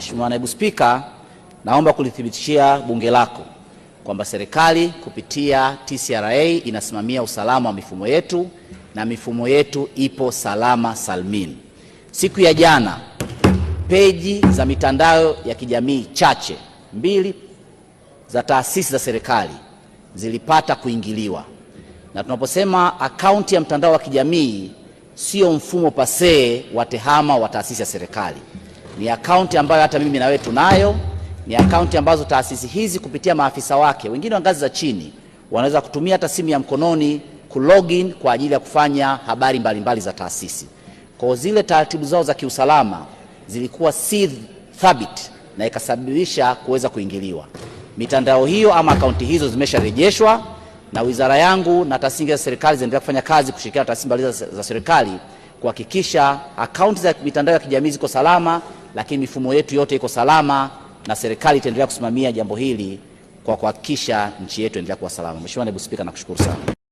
Mheshimiwa Naibu Spika, naomba kulithibitishia bunge lako kwamba serikali kupitia TCRA inasimamia usalama wa mifumo yetu na mifumo yetu ipo salama salmin. Siku ya jana peji za mitandao ya kijamii chache mbili za taasisi za serikali zilipata kuingiliwa, na tunaposema akaunti ya mtandao wa kijamii sio mfumo pasee wa tehama wa taasisi ya serikali ni akaunti ambayo hata mimi na wewe tunayo, ni akaunti ambazo taasisi hizi kupitia maafisa wake wengine wa ngazi za chini wanaweza kutumia hata simu ya mkononi kulogin kwa ajili ya kufanya habari mbalimbali za taasisi. Kwa zile taratibu zao za kiusalama zilikuwa si thabit na ikasababisha kuweza kuingiliwa. Mitandao hiyo ama akaunti hizo zimesharejeshwa na wizara yangu na taasisi za serikali zinaendelea kufanya kazi kushirikiana na taasisi mbalimbali za serikali kuhakikisha akaunti za mitandao ya kijamii ziko salama lakini mifumo yetu yote iko salama na serikali itaendelea kusimamia jambo hili kwa kuhakikisha nchi yetu endelea kuwa salama. Mheshimiwa Naibu Spika, nakushukuru sana.